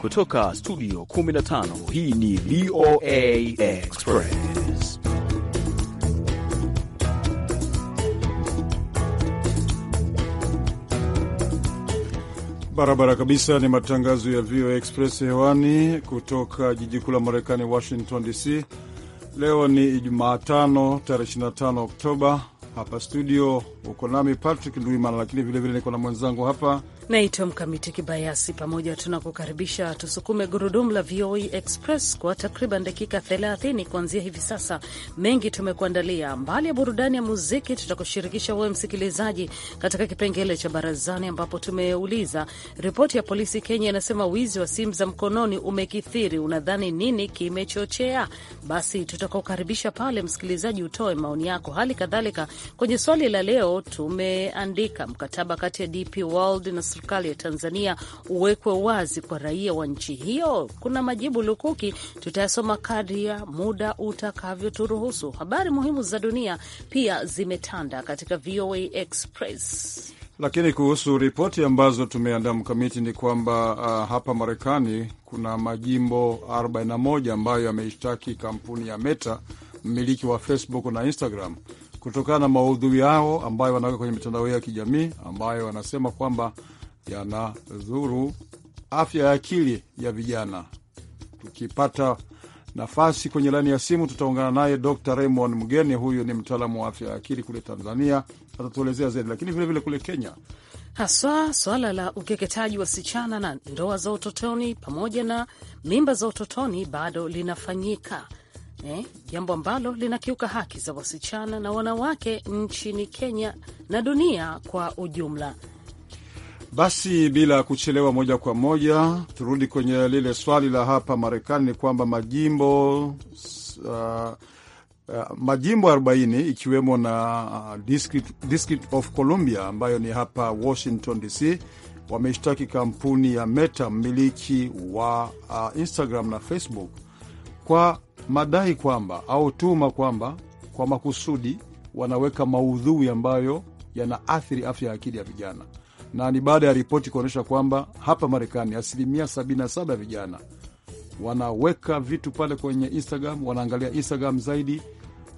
Kutoka studio 15 hii ni VOA Express. Barabara kabisa, ni matangazo ya VOA Express hewani kutoka jiji kuu la Marekani, Washington DC. Leo ni Jumatano tarehe 25 Oktoba. Hapa studio uko nami Patrick Ndwimana, lakini vilevile niko na mwenzangu hapa Naitwa Mkamiti Kibayasi. Pamoja tunakukaribisha tusukume gurudumu la VOA e Express kwa takriban dakika 30 kuanzia hivi sasa. Mengi tumekuandalia, mbali ya burudani ya muziki, tutakushirikisha wewe msikilizaji katika kipengele cha barazani, ambapo tumeuliza ripoti ya polisi Kenya inasema wizi wa simu za mkononi umekithiri. Unadhani nini kimechochea? Basi tutakukaribisha pale msikilizaji, utoe maoni yako. Hali kadhalika kwenye swali la leo tumeandika mkataba kati ya DP World na serikali ya Tanzania uwekwe wazi kwa raia wa nchi hiyo? Kuna majibu lukuki, tutayasoma kadri ya muda utakavyoturuhusu. Habari muhimu za dunia pia zimetanda katika VOA Express. Lakini kuhusu ripoti ambazo tumeandaa mkamiti ni kwamba uh, hapa Marekani kuna majimbo 41 ambayo yameishtaki kampuni ya Meta, mmiliki wa Facebook na Instagram, kutokana na maudhui yao ambayo wanaweka kwenye mitandao ya kijamii ambayo wanasema kwamba yanadhuru afya ya akili ya vijana. Tukipata nafasi kwenye laini ya simu, tutaungana naye Dr. Raymond Mgeni. Huyu ni mtaalamu wa afya ya akili kule Tanzania, atatuelezea zaidi, lakini vilevile vile kule Kenya haswa swala la ukeketaji wasichana na ndoa za utotoni pamoja na mimba za utotoni bado linafanyika eh, jambo ambalo linakiuka haki za wasichana na wanawake nchini Kenya na dunia kwa ujumla. Basi bila kuchelewa, moja kwa moja turudi kwenye lile swali la hapa Marekani, ni kwamba majimbo uh, Uh, majimbo 40 ikiwemo na uh, District, District of Columbia ambayo ni hapa Washington DC wameshtaki kampuni ya Meta, mmiliki wa uh, Instagram na Facebook kwa madai kwamba au tuma kwamba kwa makusudi wanaweka maudhui ambayo yanaathiri afya ya akili ya vijana na ni baada ya ripoti kuonyesha kwamba hapa Marekani asilimia 77 ya vijana wanaweka vitu pale kwenye Instagram, wanaangalia Instagram zaidi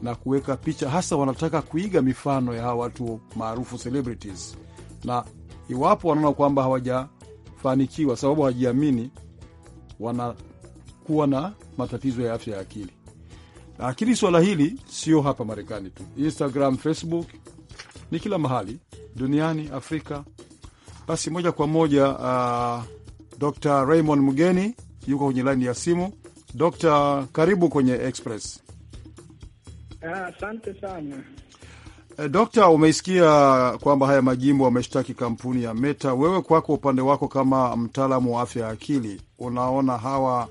na kuweka picha, hasa wanataka kuiga mifano ya hawa watu maarufu celebrities, na iwapo wanaona kwamba hawajafanikiwa sababu hawajiamini, wanakuwa na matatizo ya afya ya akili. Lakini swala hili sio hapa Marekani tu, Instagram, Facebook ni kila mahali duniani, Afrika basi moja kwa moja uh, Dr Raymond Mgeni yuko kwenye laini ya simu. Dokta, karibu kwenye Express. Ah, asante sana eh, Dokta, umeisikia kwamba haya majimbo wameshtaki kampuni ya Meta. Wewe kwako, upande wako, kama mtaalamu wa afya ya akili, unaona hawa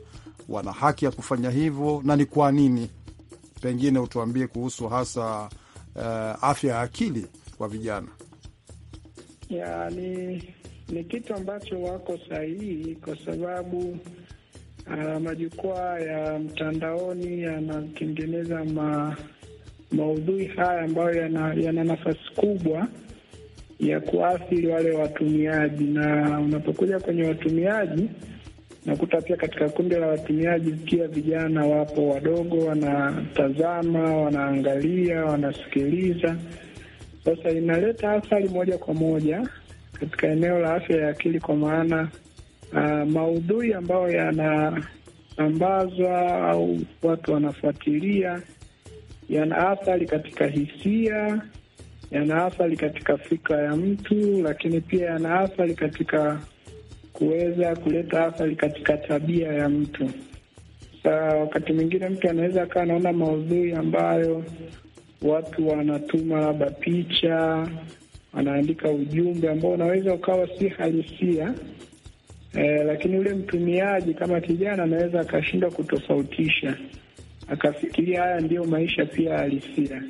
wana haki ya kufanya hivyo na ni kwa nini? Pengine utuambie kuhusu hasa uh, afya ya akili kwa vijana ya ni, ni kitu ambacho wako sahihi kwa sababu uh, majukwaa ya mtandaoni yanatengeneza ma, maudhui haya ambayo yana, yana nafasi kubwa ya kuathiri wale watumiaji, na unapokuja kwenye watumiaji nakuta pia katika kundi la watumiaji pia vijana wapo wadogo, wanatazama, wanaangalia, wanasikiliza sasa inaleta athari moja kwa moja katika eneo la afya ya akili, kwa maana uh, maudhui ambayo yanasambazwa au watu wanafuatilia yana athari katika hisia, yana athari katika fikra ya mtu, lakini pia yana athari katika kuweza kuleta athari katika tabia ya mtu. Sa wakati mwingine mtu anaweza akawa anaona maudhui ambayo watu wanatuma labda picha, wanaandika ujumbe ambao unaweza ukawa si halisia eh, lakini yule mtumiaji kama kijana anaweza akashindwa kutofautisha, akafikiria haya ndiyo maisha pia halisia.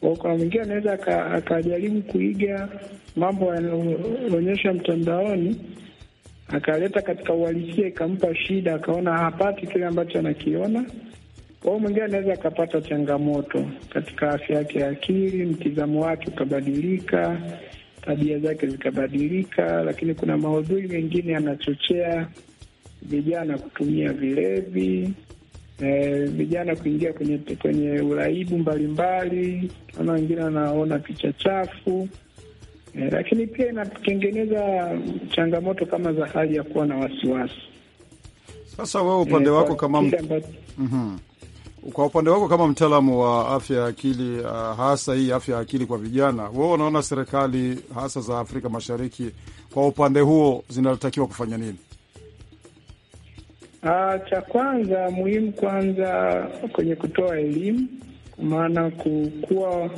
Kwa kuna mwingine anaweza akajaribu kuiga mambo yanayoonyesha mtandaoni akaleta katika uhalisia, ikampa shida, akaona hapati kile ambacho anakiona kwa hiyo mwingine anaweza akapata changamoto katika afya yake ya akili, mtizamo wake ukabadilika, tabia zake zikabadilika. Lakini kuna maudhui mengine yanachochea vijana kutumia vilevi, eh, vijana kuingia kwenye kwenye uraibu mbalimbali. Naona wengine wanaona picha chafu eh, lakini pia inatengeneza changamoto kama za hali ya kuwa na wasiwasi. Sasa wewe upande eh, wako kama mm -hmm. Kwa upande wako kama mtaalamu wa afya ya akili, uh, hasa hii afya ya akili kwa vijana, wewe unaona serikali hasa za Afrika Mashariki kwa upande huo zinatakiwa kufanya nini? Uh, cha kwanza muhimu kwanza kwenye kutoa elimu, kwa maana kukuwa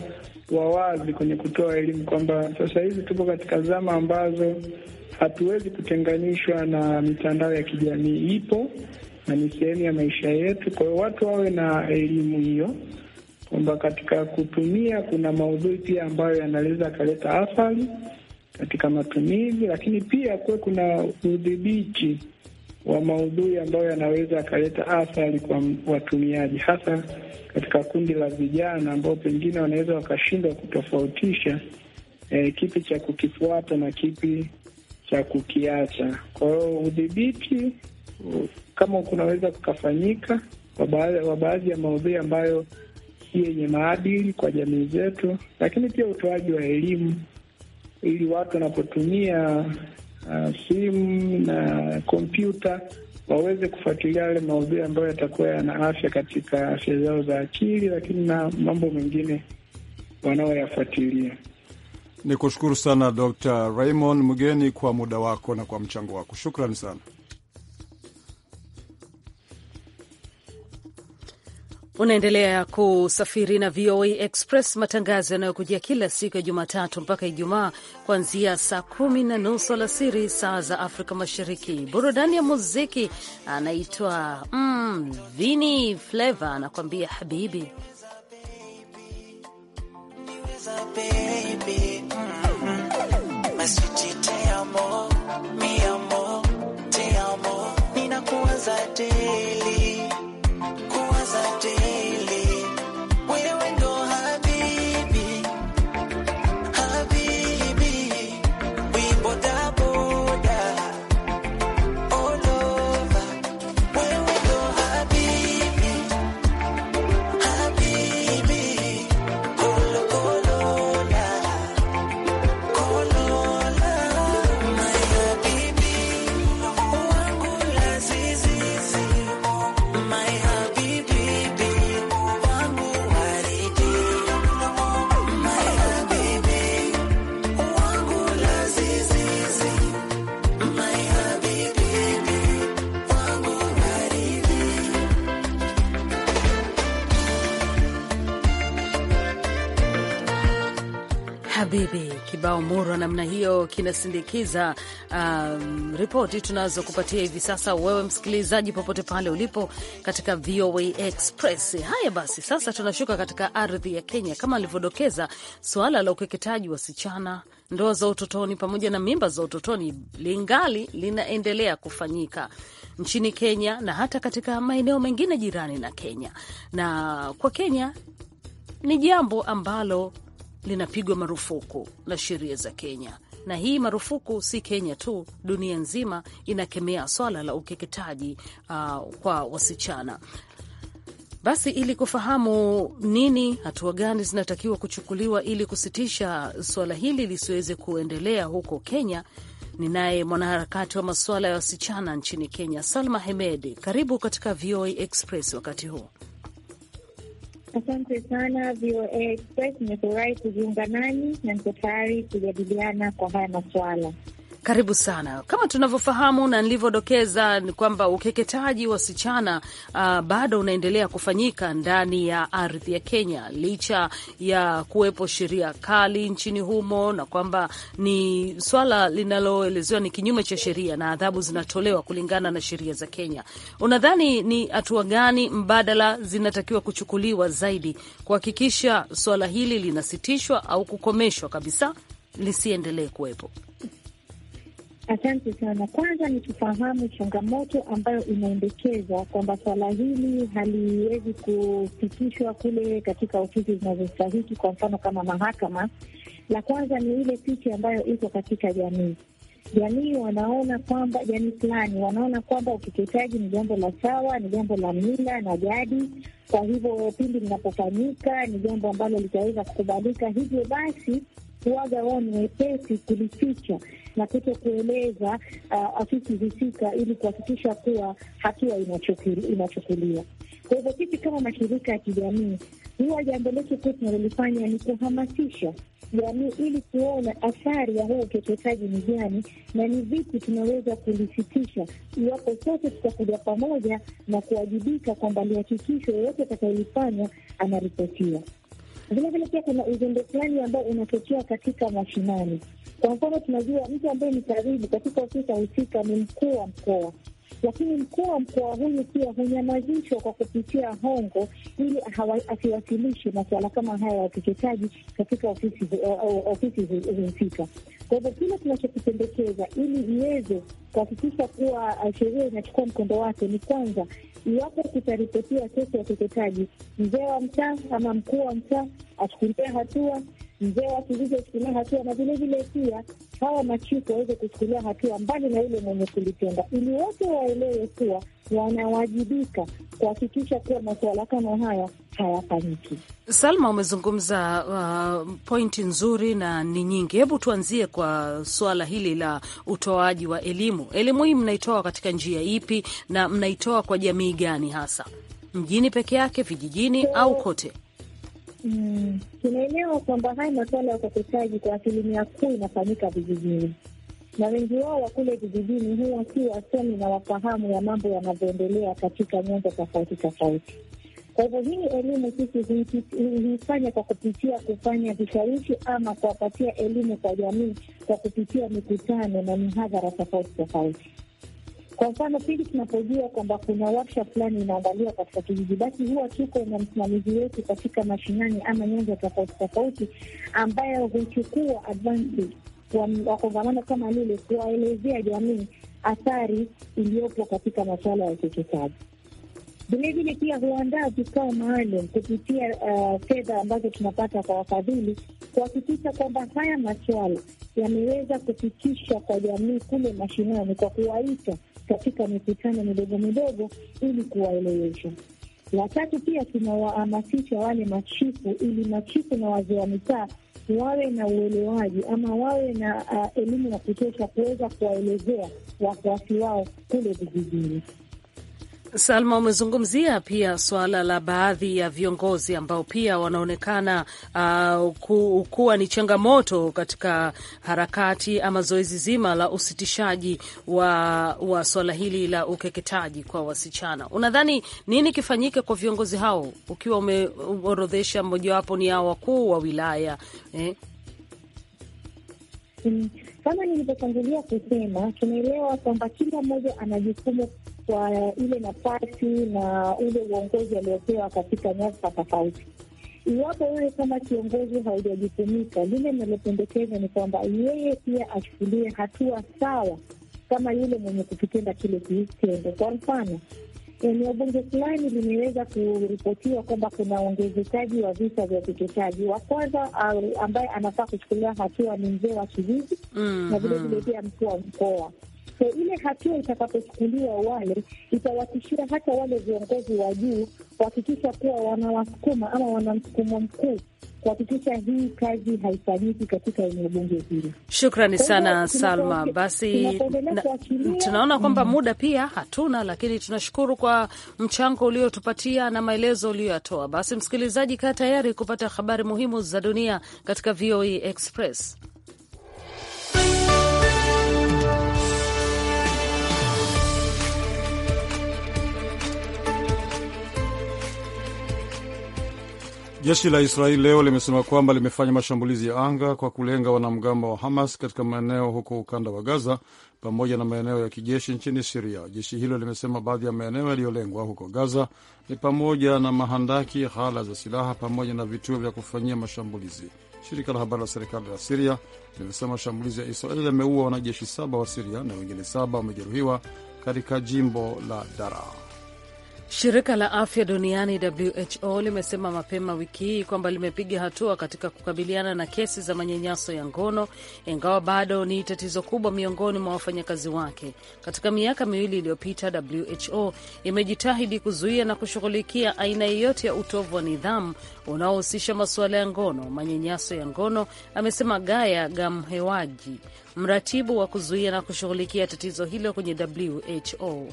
wawazi kwenye kutoa elimu kwamba sasa hivi tupo katika zama ambazo hatuwezi kutenganishwa na mitandao ya kijamii ipo na ni sehemu ya maisha yetu. Kwa hiyo watu wawe na elimu hiyo kwamba katika kutumia kuna maudhui pia ambayo yanaweza akaleta athari katika matumizi, lakini pia kuwe kuna udhibiti wa maudhui ambayo yanaweza akaleta athari kwa watumiaji, hasa katika kundi la vijana ambao pengine wanaweza wakashindwa kutofautisha eh, kipi cha kukifuata na kipi cha kukiacha. Kwa hiyo udhibiti kama kunaweza kukafanyika kwa baadhi ya maudhui ambayo si yenye maadili kwa jamii zetu, lakini pia utoaji wa elimu ili watu wanapotumia uh, simu na kompyuta waweze kufuatilia yale maudhui ambayo yatakuwa yana afya katika afya zao za akili, lakini na mambo mengine wanaoyafuatilia. Ni kushukuru sana Dr. Raymond Mgeni kwa muda wako na kwa mchango wako, shukrani sana. Unaendelea kusafiri na VOA Express, matangazo yanayokujia kila siku ya Jumatatu mpaka Ijumaa kuanzia saa kumi na nusu alasiri saa za Afrika Mashariki. Burudani ya muziki anaitwa mm, Vini Fleva anakuambia habibi mm-hmm. kibao murwa namna hiyo kinasindikiza um, ripoti tunazokupatia hivi sasa, wewe msikilizaji, popote pale ulipo katika VOA Express. Haya basi, sasa tunashuka katika ardhi ya Kenya. Kama alivyodokeza, suala la ukeketaji wasichana ndoa za utotoni pamoja na mimba za utotoni lingali linaendelea kufanyika nchini Kenya na hata katika maeneo mengine jirani na Kenya. Na kwa Kenya ni jambo ambalo linapigwa marufuku na sheria za Kenya. Na hii marufuku si Kenya tu, dunia nzima inakemea swala la ukeketaji uh, kwa wasichana. Basi ili kufahamu nini, hatua gani zinatakiwa kuchukuliwa ili kusitisha suala hili lisiweze kuendelea huko Kenya, ninaye mwanaharakati wa masuala ya wasichana nchini Kenya, Salma Hemedi. Karibu katika VOA Express wakati huu. Asante sana VOA Express, nimefurahi kujiunga nani na niko tayari kujadiliana kwa haya maswala karibu sana. Kama tunavyofahamu na nilivyodokeza ni kwamba ukeketaji wasichana uh, bado unaendelea kufanyika ndani ya ardhi ya Kenya licha ya kuwepo sheria kali nchini humo, na kwamba ni swala linaloelezewa ni kinyume cha sheria na adhabu zinatolewa kulingana na sheria za Kenya. Unadhani ni hatua gani mbadala zinatakiwa kuchukuliwa zaidi kuhakikisha swala hili linasitishwa au kukomeshwa kabisa lisiendelee kuwepo? Asante sana. Kwanza ni kufahamu changamoto ambayo inaendekezwa kwamba swala hili haliwezi kufikishwa kule katika ofisi zinazostahiki, kwa mfano kama mahakama. La kwanza ni ile picha ambayo iko katika jamii. Jamii wanaona kwamba jamii fulani wanaona kwamba ukeketaji ni jambo la sawa, ni jambo la mila na jadi. Kwa hivyo pindi linapofanyika ni jambo ambalo litaweza kukubalika, hivyo basi waga wao ni wepesi kulificha na kuto kueleza uh, afisi husika ili kuhakikisha kuwa hatua inachukuliwa. Kwa hivyo sisi kama mashirika ya kijamii, huwa jambo letu kuu tunalolifanya ni kuhamasisha jamii ili kuona athari ya huu ukeketaji ni gani na ni vipi tunaweza kulisitisha, iwapo sote tutakuja pamoja na kuwajibika kwamba lihakikisho yoyote atakayolifanya anaripotiwa. Vilevile pia kuna uzembe fulani ambao unatokea katika mashinani kwa mfano, tunajua mtu ambaye ni karibu katika ofisa husika ni mkuu wa mkoa lakini mkuu wa mkoa huyu pia hunyamazishwa kwa kupitia hongo ili asiwasilishe masuala kama haya ya ukeketaji katika ofisi husika. Kwa hivyo kile tunachokipendekeza ili iweze kuhakikisha kuwa uh, sheria inachukua mkondo wake ni kwanza, iwapo kutaripotiwa kesi ya ukeketaji, mzee wa mtaa ama mkuu wa mtaa achukulia hatua mzee asiweze hatua, na vilevile pia hawa machifu waweze kuchukulia hatua mbali na yule mwenye kulitenda, ili wote waelewe kuwa wanawajibika kuhakikisha kuwa masuala kama haya hayafanyiki. Salma, umezungumza uh, pointi nzuri na ni nyingi. Hebu tuanzie kwa suala hili la utoaji wa elimu. Elimu hii mnaitoa katika njia ipi na mnaitoa kwa jamii gani hasa, mjini peke yake, vijijini so, au kote? Mm, tunaelewa kwamba haya masuala ya ukeketaji kwa asilimia kuu inafanyika vijijini, na wengi wao wa kule vijijini huwa si wasomi na wafahamu ya mambo yanavyoendelea katika nyanja tofauti tofauti. Kwa hivyo hii elimu sisi huifanya kwa kupitia kufanya vishawishi ama kuwapatia elimu kwa jamii kwa kupitia mikutano na mihadhara tofauti tofauti. Kwa mfano, pindi tunapojua kwamba kuna warsha fulani inaandaliwa katika kijiji, basi huwa tuko na msimamizi wetu katika mashinani ama nyanja tofauti tofauti, ambayo huchukua advantage wa kongamano kama lile kuwaelezea jamii athari iliyopo katika masuala ya ukeketaji. Vilevile pia huandaa vikao maalum kupitia uh, fedha uh, ambazo tunapata kwa wafadhili kuhakikisha kwamba haya maswala yameweza kupitishwa kwa jamii kule mashinani kwa kuwaita katika mikutano midogo midogo ili kuwaelewesha. La tatu pia tunawahamasisha wale machifu, ili machifu na wazee wa mitaa wawe na uelewaji ama wawe na uh, elimu ya kutosha kuweza kuwaelezea wafuasi wao kule vijijini. Salma, umezungumzia pia suala la baadhi ya viongozi ambao pia wanaonekana uh, kuwa ni changamoto katika harakati ama zoezi zima la usitishaji wa, wa suala hili la ukeketaji kwa wasichana. Unadhani nini kifanyike kwa viongozi hao, ukiwa umeorodhesha mojawapo ni hao wakuu wa wilaya eh? Mm, kama nilivyotangulia kusema, tunaelewa kwamba kila mmoja ana jukumu kwa ile nafasi na ule uongozi aliopewa katika nyasa tofauti. Iwapo wewe kama kiongozi haujajitumika, lile nalopendekeza ni kwamba yeye pia achukulie hatua sawa kama yule mwenye kukitenda kile kitendo. Kwa mfano, eneo bunge fulani limeweza kuripotiwa kwamba kuna uongezekaji wa visa vya ukeketaji. Wa kwanza ambaye anafaa kuchukuliwa hatua ni mzee wa kijiji mm -hmm. na vilevile pia mkuu wa mkoa So ile hatua itakapochukuliwa, wale itawatishia hata wale viongozi wa juu kuhakikisha kuwa wanawasukuma ama wana msukumo mkuu kuhakikisha hii kazi haifanyiki katika eneo bunge hili. Shukrani sana Salma. Basi tunaona kwamba mm, muda pia hatuna, lakini tunashukuru kwa mchango uliotupatia na maelezo uliyoyatoa. Basi msikilizaji, kaa tayari kupata habari muhimu za dunia katika VOA e Express. Jeshi la Israeli leo limesema kwamba limefanya mashambulizi ya anga kwa kulenga wanamgambo wa Hamas katika maeneo huko ukanda wa Gaza pamoja na maeneo ya kijeshi nchini Siria. Jeshi hilo limesema baadhi ya maeneo yaliyolengwa huko Gaza ni pamoja na mahandaki, ghala za silaha pamoja na vituo vya kufanyia mashambulizi. Shirika la habari la serikali la Siria limesema mashambulizi ya Israeli yameua wanajeshi saba wa Siria na wengine saba wamejeruhiwa katika jimbo la Daraa. Shirika la afya duniani WHO limesema mapema wiki hii kwamba limepiga hatua katika kukabiliana na kesi za manyanyaso ya ngono, ingawa bado ni tatizo kubwa miongoni mwa wafanyakazi wake. Katika miaka miwili iliyopita, WHO imejitahidi kuzuia na kushughulikia aina yeyote ya utovu wa nidhamu unaohusisha masuala ya ngono, manyanyaso ya ngono, amesema Gaya Gamhewaji, mratibu wa kuzuia na kushughulikia tatizo hilo kwenye WHO.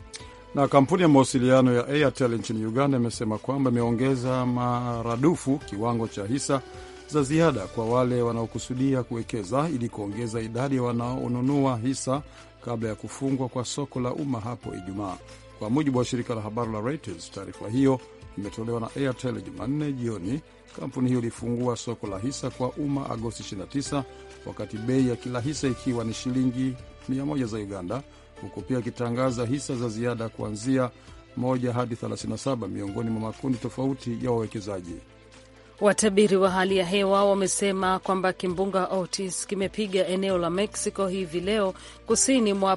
Na kampuni ya mawasiliano ya Airtel nchini Uganda imesema kwamba imeongeza maradufu kiwango cha hisa za ziada kwa wale wanaokusudia kuwekeza ili kuongeza idadi ya wanaonunua hisa kabla ya kufungwa kwa soko la umma hapo Ijumaa, kwa mujibu wa shirika la habari la Reuters. Taarifa hiyo imetolewa na Airtel Jumanne jioni. Kampuni hiyo ilifungua soko la hisa kwa umma Agosti 29 wakati bei ya kila hisa ikiwa ni shilingi 100 za Uganda, huku pia akitangaza hisa za ziada kuanzia 1 hadi 37 miongoni mwa makundi tofauti ya wawekezaji. Watabiri wa hali ya hewa wamesema kwamba kimbunga Otis kimepiga eneo la Mexico hivi leo kusini mwa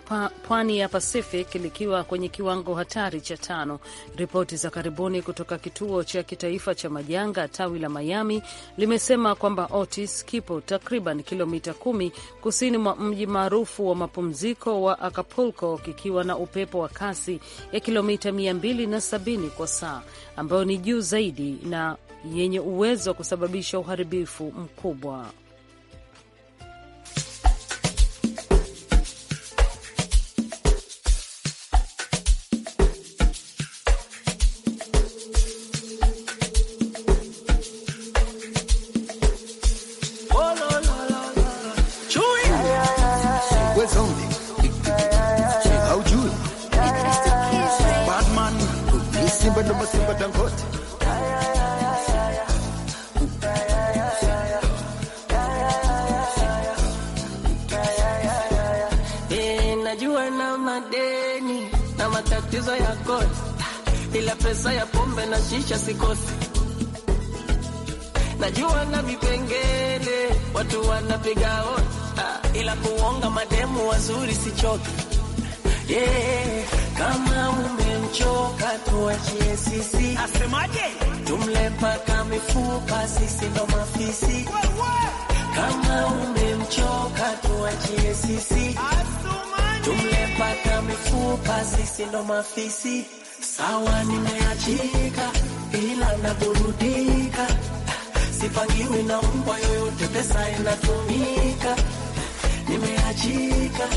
pwani ya Pacific likiwa kwenye kiwango hatari cha tano. Ripoti za karibuni kutoka kituo cha kitaifa cha majanga tawi la Miami limesema kwamba Otis kipo takriban kilomita kumi kusini mwa mji maarufu wa mapumziko wa Acapulco kikiwa na upepo wa kasi ya kilomita 270 kwa saa ambayo ni juu zaidi na yenye uwezo wa kusababisha uharibifu mkubwa. matatizo ya kote, ila pesa ya pombe na shisha sikosi. Najua na vipengele watu wanapiga ota, ila kuonga mademu wazuri sichoki. Yeah, kama umemchoka tuachie sisi. Asemaje? Tumle paka mifupa, sisi ndo mafisi. Kama umemchoka tuachie sisi. Tumle napata mifupa, sisi ndo mafisi. Sawa, nimeachika ila naburudika, sipangiwi na mbwa yoyote, pesa inatumika. Nimeachika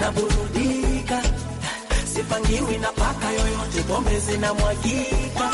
naburudika, sipangiwi na paka yoyote, pombe zinamwagika.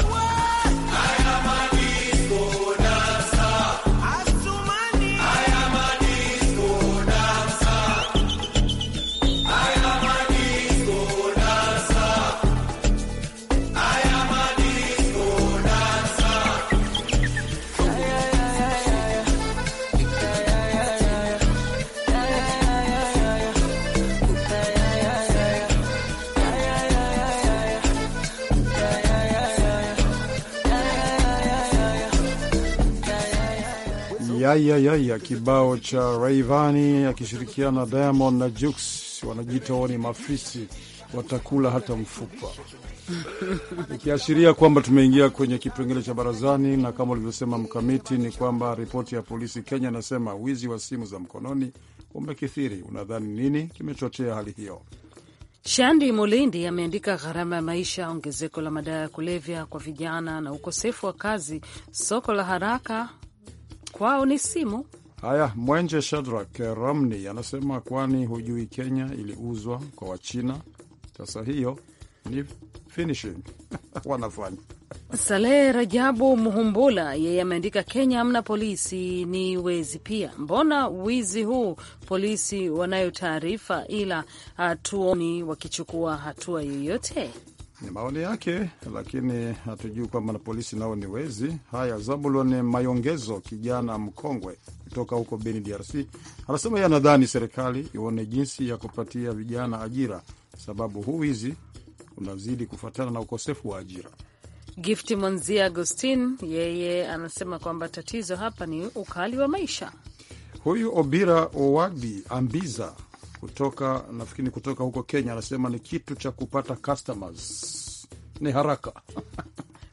Ayayaya, kibao cha Raivani akishirikiana na Diamond na Jux, wanajiita wao ni mafisi, watakula hata mfupa ikiashiria kwamba tumeingia kwenye kipengele cha barazani, na kama ulivyosema Mkamiti, ni kwamba ripoti ya polisi Kenya inasema wizi wa simu za mkononi umekithiri. Unadhani nini kimechochea hali hiyo? Shandi Mulindi ameandika gharama ya maisha, ongezeko la madawa ya kulevya kwa vijana na ukosefu wa kazi, soko la haraka kwao ni simu. Haya, Mwenje Shadrak eh, Ramni anasema kwani hujui Kenya iliuzwa kwa Wachina? Sasa hiyo ni finishing wanafanya Saleh Rajabu Muhumbula yeye ameandika Kenya hamna polisi, ni wezi pia. Mbona wizi huu? Polisi wanayo taarifa, ila hatuoni wakichukua hatua yoyote. Ni maoni yake, lakini hatujui kwamba na polisi nao ni wezi. Haya, Zabulon Mayongezo, kijana mkongwe kutoka huko Beni, DRC, anasema yeye anadhani serikali ione jinsi ya kupatia vijana ajira, sababu huu hizi unazidi kufuatana na ukosefu wa ajira. Gifti Mwanzia Agustin yeye anasema kwamba tatizo hapa ni ukali wa maisha. Huyu Obira Owadi Ambiza kutoka nafikiri kutoka huko Kenya, anasema ni kitu cha kupata customers, ni haraka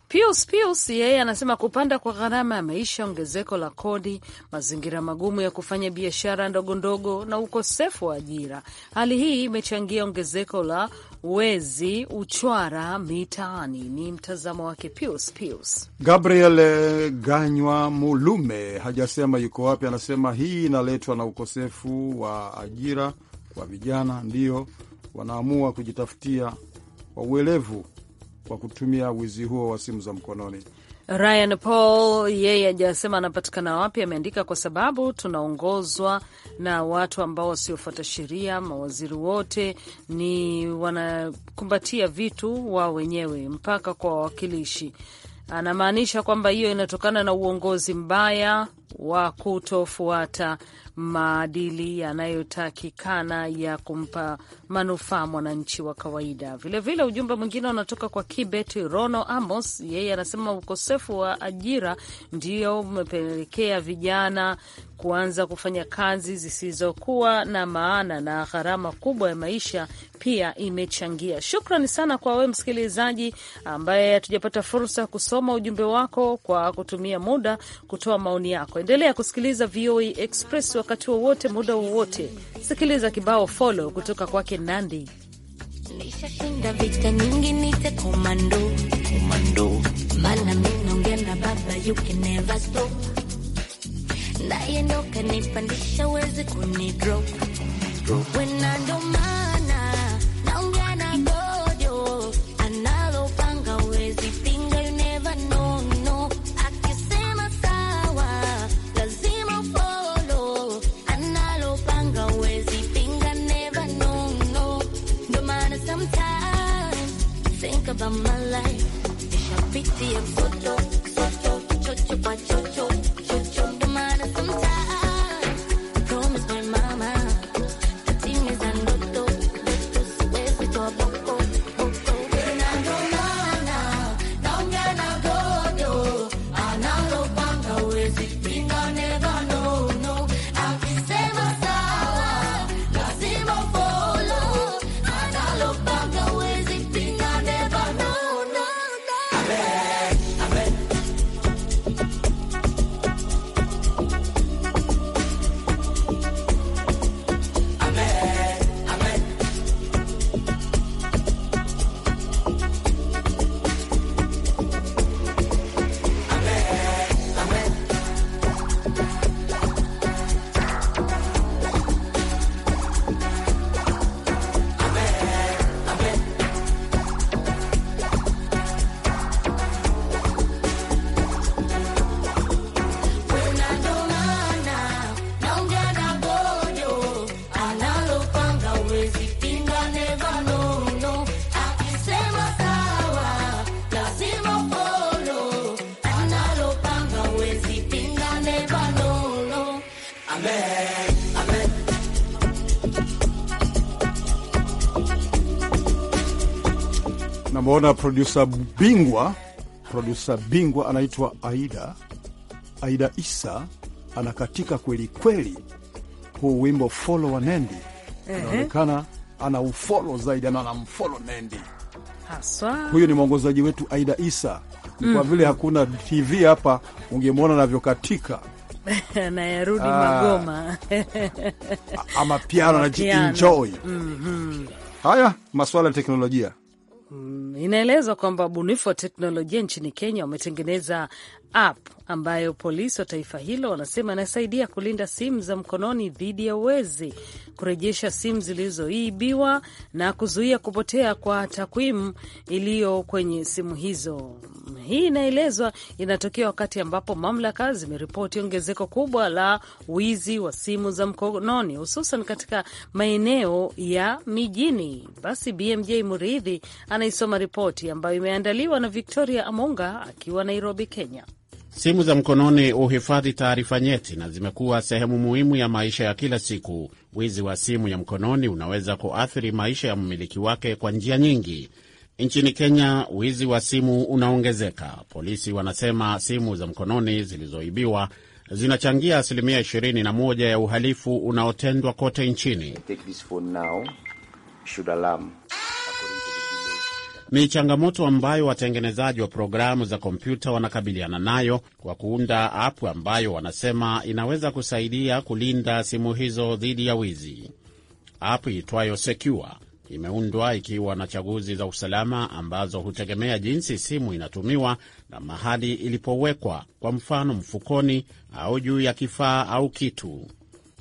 Pius Pius yeye anasema kupanda kwa gharama ya maisha, ongezeko la kodi, mazingira magumu ya kufanya biashara ndogo ndogo na ukosefu wa ajira. Hali hii imechangia ongezeko la wezi uchwara mitaani. Ni mtazamo wake Pius Pius. Gabriel eh, Ganywa Mulume hajasema yuko wapi, anasema hii inaletwa na ukosefu wa ajira wa vijana ndio wanaamua kujitafutia kwa uelevu kwa kutumia wizi huo wa simu za mkononi. Ryan Paul yeye hajasema anapatikana wapi, ameandika kwa sababu tunaongozwa na watu ambao wasiofuata sheria. Mawaziri wote ni wanakumbatia vitu wao wenyewe mpaka kwa wawakilishi. Anamaanisha kwamba hiyo inatokana na uongozi mbaya wa kutofuata maadili yanayotakikana ya kumpa manufaa mwananchi wa kawaida. Vilevile, ujumbe mwingine unatoka kwa Kibet Rono Amos. Yeye anasema ukosefu wa ajira ndio umepelekea vijana kuanza kufanya kazi zisizokuwa na maana na gharama kubwa ya maisha pia imechangia. Shukrani sana kwa wewe msikilizaji ambaye hatujapata fursa ya kusoma ujumbe wako kwa kutumia muda kutoa maoni yako. Endelea kusikiliza VOA e Express wakati wowote, muda wowote. Sikiliza kibao folo kutoka kwake Nandi. Nishashinda vita nyingi, nite komando komando, baba, you can never stop naye ndo kanipandisha, wezi kunidrop wewe ndo maana naongea kuona produsa bingwa, produsa bingwa anaitwa Aida, Aida Isa anakatika kweli kweli. Huu wimbo folo wa Nendi Anaonekana ana ufolo zaidi, ana anamfolo Nendi haswa. Huyu ni mwongozaji wetu Aida Isa. Mm. Kwa vile hakuna TV hapa, ungemwona anavyokatika nayarudi ah. magoma ama piano anajienjoy. mm -hmm. Haya, masuala ya teknolojia Mm, inaelezwa kwamba ubunifu wa teknolojia nchini Kenya umetengeneza app ambayo polisi wa taifa hilo wanasema inasaidia kulinda simu za mkononi dhidi ya wezi, kurejesha simu zilizoibiwa na kuzuia kupotea kwa takwimu iliyo kwenye simu hizo. Hii inaelezwa inatokea wakati ambapo mamlaka zimeripoti ongezeko kubwa la wizi wa simu za mkononi, hususan katika maeneo ya mijini. Basi BMJ Muridhi anaisoma ripoti ambayo imeandaliwa na Victoria Amonga akiwa Nairobi, Kenya. Simu za mkononi huhifadhi taarifa nyeti na zimekuwa sehemu muhimu ya maisha ya kila siku. Wizi wa simu ya mkononi unaweza kuathiri maisha ya mmiliki wake kwa njia nyingi. Nchini Kenya, wizi wa simu unaongezeka. Polisi wanasema simu za mkononi zilizoibiwa zinachangia asilimia 21 ya uhalifu unaotendwa kote nchini ni changamoto ambayo watengenezaji wa programu za kompyuta wanakabiliana nayo kwa kuunda apu ambayo wanasema inaweza kusaidia kulinda simu hizo dhidi ya wizi. Apu itwayo Secure imeundwa ikiwa na chaguzi za usalama ambazo hutegemea jinsi simu inatumiwa na mahali ilipowekwa, kwa mfano mfukoni au juu ya kifaa au kitu.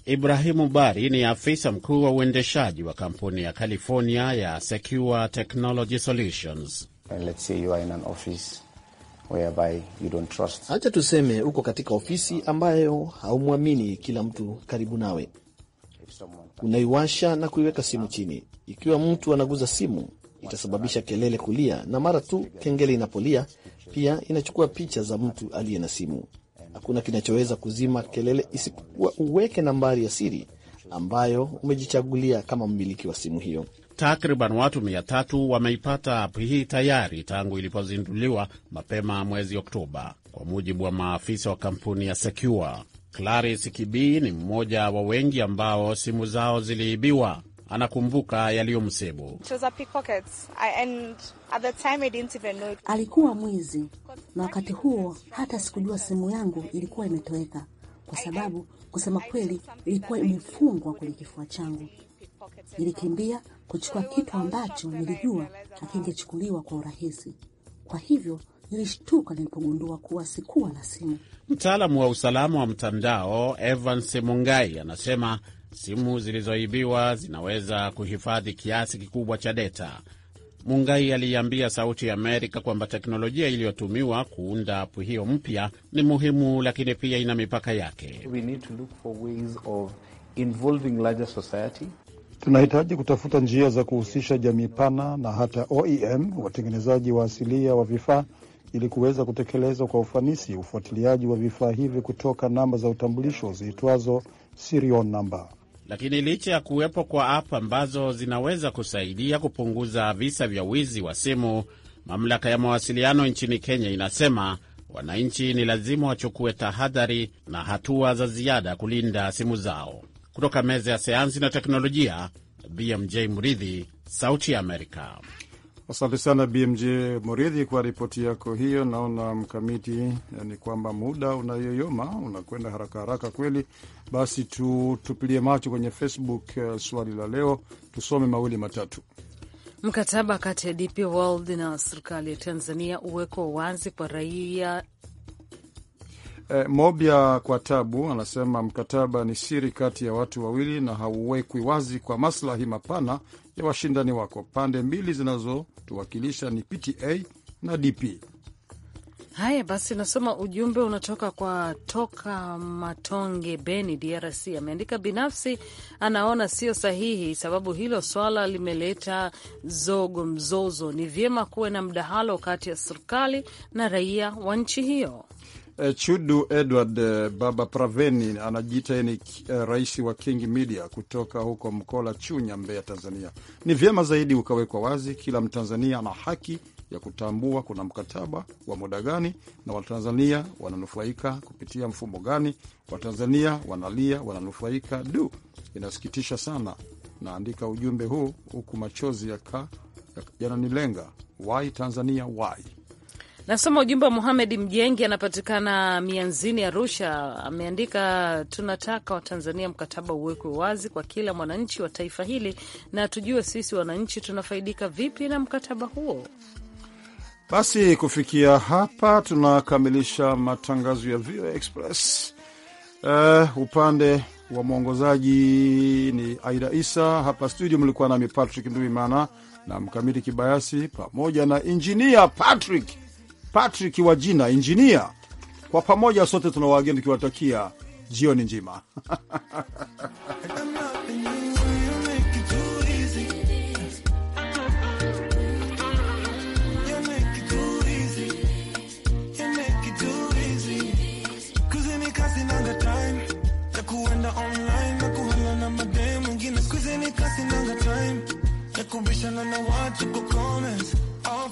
Ibrahimu Bari ni afisa mkuu wa uendeshaji wa kampuni ya California ya Secure Technology Solutions. Acha tuseme uko katika ofisi ambayo haumwamini kila mtu karibu nawe, unaiwasha na kuiweka simu ah. chini. Ikiwa mtu anaguza simu, itasababisha kelele kulia, na mara tu kengele inapolia, pia inachukua picha za mtu aliye na simu. Hakuna kinachoweza kuzima kelele isipokuwa uweke nambari ya siri ambayo umejichagulia kama mmiliki wa simu hiyo. Takriban watu mia tatu wameipata app hii tayari tangu ilipozinduliwa mapema mwezi Oktoba, kwa mujibu wa maafisa wa kampuni ya Secure. Claris Kibii ni mmoja wa wengi ambao simu zao ziliibiwa anakumbuka yaliyomsebu. Alikuwa mwizi, na wakati huo hata sikujua simu yangu ilikuwa imetoweka, kwa sababu kusema kweli ilikuwa imefungwa kwenye kifua changu. ilikimbia kuchukua kitu ambacho nilijua hakingechukuliwa kwa urahisi, kwa hivyo nilishtuka nilipogundua kuwa sikuwa na simu. Mtaalamu wa usalama wa mtandao Evans Mungai anasema Simu zilizoibiwa zinaweza kuhifadhi kiasi kikubwa cha deta. Mungai aliiambia Sauti ya Amerika kwamba teknolojia iliyotumiwa kuunda apu hiyo mpya ni muhimu, lakini pia ina mipaka yake. Tunahitaji kutafuta njia za kuhusisha jamii pana na hata OEM, watengenezaji wa asilia wa vifaa, ili kuweza kutekeleza kwa ufanisi ufuatiliaji wa vifaa hivi kutoka namba za utambulisho ziitwazo serial number. Lakini licha ya kuwepo kwa app ambazo zinaweza kusaidia kupunguza visa vya wizi wa simu, mamlaka ya mawasiliano nchini Kenya inasema wananchi ni lazima wachukue tahadhari na hatua za ziada kulinda simu zao. Kutoka meza ya sayansi na teknolojia, BMJ Muridhi, Sauti ya Amerika. Asante sana BMJ Muridhi kwa ripoti yako hiyo. Naona mkamiti, yani kwamba muda unayoyoma unakwenda haraka haraka kweli. Basi tutupilie macho kwenye Facebook uh, swali la leo tusome mawili matatu. Mkataba kati ya DP World na serikali ya Tanzania uweko wazi kwa raia E, Mobya kwa tabu anasema mkataba ni siri kati ya watu wawili na hauwekwi wazi kwa maslahi mapana ya washindani wako. Pande mbili zinazotuwakilisha ni PTA na DP. Haya basi, nasoma ujumbe unatoka kwa toka Matonge, Beni, DRC. Ameandika binafsi anaona sio sahihi, sababu hilo swala limeleta zogo, mzozo. Ni vyema kuwe na mdahalo kati ya serikali na raia wa nchi hiyo. Eh, Chudu Edward eh, Baba Praveni anajiita ni eh, rais wa King Media kutoka huko Mkola, Chunya, Mbeya, Tanzania. Ni vyema zaidi ukawekwa wazi, kila Mtanzania ana haki ya kutambua kuna mkataba wa muda gani na Watanzania wananufaika kupitia mfumo gani. Watanzania wanalia, wananufaika. Du, inasikitisha sana. Naandika ujumbe huu huku machozi yananilenga. Wai Tanzania, wai Nasoma ujumbe wa Muhamed Mjengi, anapatikana Mianzini, Arusha. Ameandika, tunataka Watanzania mkataba uwekwe wazi kwa kila mwananchi wa taifa hili, na tujue sisi wananchi tunafaidika vipi na mkataba huo. Basi kufikia hapa tunakamilisha matangazo ya VOA Express. Uh, upande wa mwongozaji ni Aida Isa, hapa studio mlikuwa nami Patrick Nduimana na Mkamiti Kibayasi pamoja na injinia Patrick Patrick Wajina, injinia. Kwa pamoja sote tuna wageni tukiwatakia jioni njema.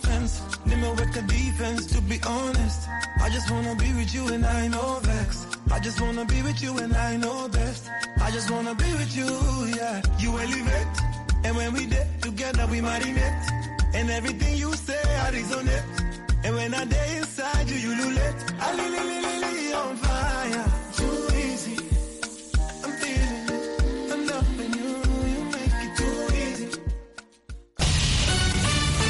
offense, need my record defense, to be honest. I just wanna be with you and I know vex. I just wanna be with you and I know best. I just wanna be with you, yeah. You elevate, and when we did together we marinate. And everything you say I resonate. And when I day inside you, you lulate. I li li li li on fire.